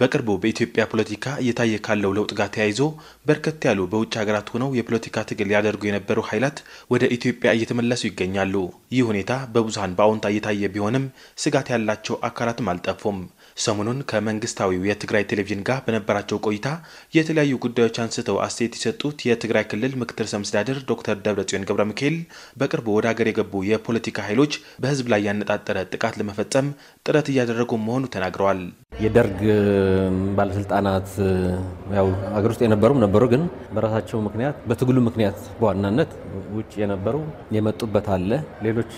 በቅርቡ በኢትዮጵያ ፖለቲካ እየታየ ካለው ለውጥ ጋር ተያይዞ በርከት ያሉ በውጭ ሀገራት ሆነው የፖለቲካ ትግል ያደርጉ የነበሩ ኃይላት ወደ ኢትዮጵያ እየተመለሱ ይገኛሉ። ይህ ሁኔታ በብዙሀን በአዎንታ እየታየ ቢሆንም ስጋት ያላቸው አካላትም አልጠፉም። ሰሞኑን ከመንግስታዊው የትግራይ ቴሌቪዥን ጋር በነበራቸው ቆይታ የተለያዩ ጉዳዮች አንስተው አስተያየት የሰጡት የትግራይ ክልል ምክትል ርዕሰ መስተዳድር ዶክተር ደብረጽዮን ገብረ ሚካኤል በቅርቡ ወደ ሀገር የገቡ የፖለቲካ ኃይሎች በህዝብ ላይ ያነጣጠረ ጥቃት ለመፈጸም ጥረት እያደረጉ መሆኑ ተናግረዋል። የደርግ ባለስልጣናት ያው ሀገር ውስጥ የነበሩም ነበሩ፣ ግን በራሳቸው ምክንያት በትግሉ ምክንያት በዋናነት ውጭ የነበሩ የመጡበት አለ። ሌሎች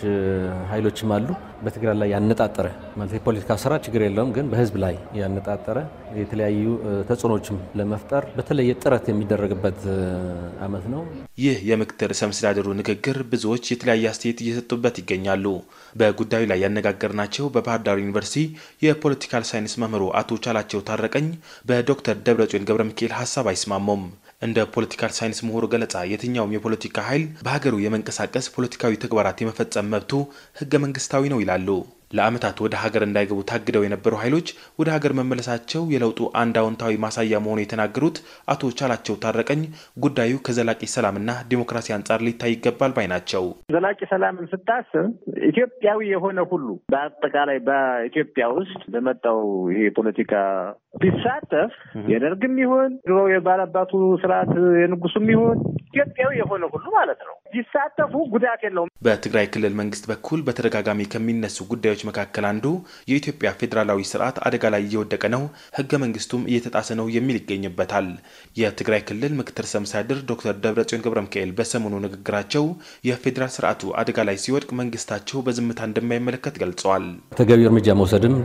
ኃይሎችም አሉ። በትግራይ ላይ ያነጣጠረ ማለት የፖለቲካ ስራ ችግር የለውም፣ ግን በህዝብ ላይ ያነጣጠረ የተለያዩ ተጽዕኖችም ለመፍጠር በተለየ ጥረት የሚደረግበት አመት ነው። ይህ የምክትል ርዕሰ መስተዳድሩ ንግግር ብዙዎች የተለያየ አስተያየት እየሰጡበት ይገኛሉ። በጉዳዩ ላይ ያነጋገርናቸው በባህር ዳር ዩኒቨርሲቲ የፖለቲካል ሳይንስ መምህሩ አቶ ቻላቸው ታረቀኝ በዶክተር ደብረጽዮን ገብረ ሚካኤል ሀሳብ አይስማሙም። እንደ ፖለቲካል ሳይንስ ምሁሩ ገለጻ የትኛውም የፖለቲካ ኃይል በሀገሩ የመንቀሳቀስ ፖለቲካዊ ተግባራት የመፈጸም መብቱ ህገ መንግስታዊ ነው ይላሉ። ለአመታት ወደ ሀገር እንዳይገቡ ታግደው የነበሩ ኃይሎች ወደ ሀገር መመለሳቸው የለውጡ አንድ አዎንታዊ ማሳያ መሆኑ የተናገሩት አቶ ቻላቸው ታረቀኝ ጉዳዩ ከዘላቂ ሰላምና ዲሞክራሲ አንጻር ሊታይ ይገባል ባይ ናቸው። ዘላቂ ሰላምን ስታስብ ኢትዮጵያዊ የሆነ ሁሉ በአጠቃላይ በኢትዮጵያ ውስጥ በመጣው ይሄ ፖለቲካ ቢሳተፍ የደርግም ይሆን ድሮ የባለባቱ ስርዓት የንጉሱም ይሆን ኢትዮጵያዊ የሆነ ሁሉ ማለት ነው ቢሳተፉ ጉዳት የለውም። በትግራይ ክልል መንግስት በኩል በተደጋጋሚ ከሚነሱ ጉዳዮች መካከል አንዱ የኢትዮጵያ ፌዴራላዊ ስርዓት አደጋ ላይ እየወደቀ ነው፣ ህገ መንግስቱም እየተጣሰ ነው የሚል ይገኝበታል። የትግራይ ክልል ምክትል ርዕሰ መስተዳድር ዶክተር ደብረጽዮን ገብረ ሚካኤል በሰሞኑ ንግግራቸው የፌዴራል ስርዓቱ አደጋ ላይ ሲወድቅ መንግስታቸው በዝምታ እንደማይመለከት ገልጸዋል። ተገቢ እርምጃ መውሰድም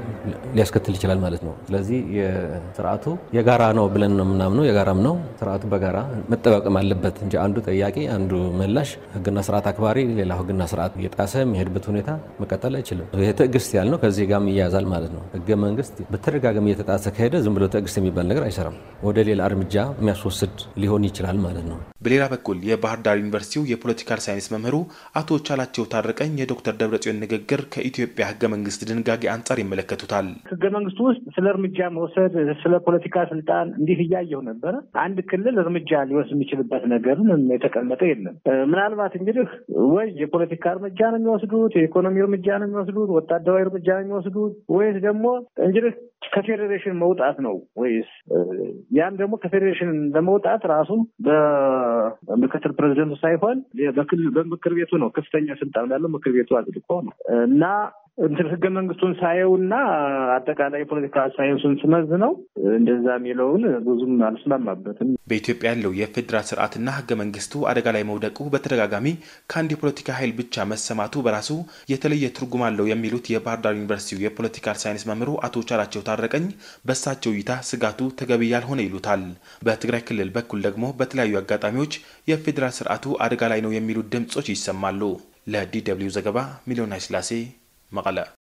ሊያስከትል ይችላል ማለት ነው። ስለዚህ የስርዓቱ የጋራ ነው ብለን ነው የምናምነው፣ የጋራም ነው። ስርዓቱ በጋራ መጠባቀም አለበት እንጂ አንዱ ጠያቂ አንዱ መላሽ ህግና ስርዓት አክባሪ ሌላው ህግና ስርዓት እየጣሰ የሚሄድበት ሁኔታ መቀጠል አይችልም። ይህ ትዕግስት ያል ነው። ከዚህ ጋርም ይያዛል ማለት ነው። ህገ መንግስት በተደጋጋሚ እየተጣሰ ከሄደ ዝም ብሎ ትዕግስት የሚባል ነገር አይሰራም። ወደ ሌላ እርምጃ የሚያስወስድ ሊሆን ይችላል ማለት ነው። በሌላ በኩል የባህር ዳር ዩኒቨርሲቲው የፖለቲካል ሳይንስ መምህሩ አቶ ቻላቸው ታረቀኝ የዶክተር ደብረጽዮን ንግግር ከኢትዮጵያ ህገ መንግስት ድንጋጌ አንጻር ይመለከቱታል። ህገ መንግስቱ ውስጥ ስለ እርምጃ መውሰድ ስለ ፖለቲካ ስልጣን እንዲህ እያየው ነበረ። አንድ ክልል እርምጃ ሊወስድ የሚችልበት ነገርም የተቀመጠ የለም። ምናልባት እንግዲህ ወይ የፖለቲካ እርምጃ ነው የሚወስዱት፣ የኢኮኖሚ እርምጃ ነው የሚወስዱት፣ ወታደራዊ እርምጃ ነው የሚወስዱት፣ ወይስ ደግሞ እንግዲህ ከፌዴሬሽን መውጣት ነው ወይስ ያም ደግሞ ከፌዴሬሽን ለመውጣት ራሱ በምክትል ፕሬዚደንቱ ሳይሆን በምክር ቤቱ ነው ከፍተኛ ስልጣን ያለው ምክር ቤቱ አጽድቆ ነው እና እንትን ህገ መንግስቱን ሳየውና አጠቃላይ የፖለቲካ ሳይንሱን ስመዝ ነው እንደዛ የሚለውን ብዙም አልስማማበትም። በኢትዮጵያ ያለው የፌዴራል ስርዓትና ህገ መንግስቱ አደጋ ላይ መውደቁ በተደጋጋሚ ከአንድ የፖለቲካ ኃይል ብቻ መሰማቱ በራሱ የተለየ ትርጉም አለው የሚሉት የባህር ዳር ዩኒቨርሲቲው የፖለቲካል ሳይንስ መምህሩ አቶ ቻላቸው ታረቀኝ በእሳቸው እይታ ስጋቱ ተገቢ ያልሆነ ይሉታል። በትግራይ ክልል በኩል ደግሞ በተለያዩ አጋጣሚዎች የፌዴራል ስርዓቱ አደጋ ላይ ነው የሚሉት ድምጾች ይሰማሉ። ለዲ ደብልዩ ዘገባ ሚሊዮን ኃይለሥላሴ مغلاء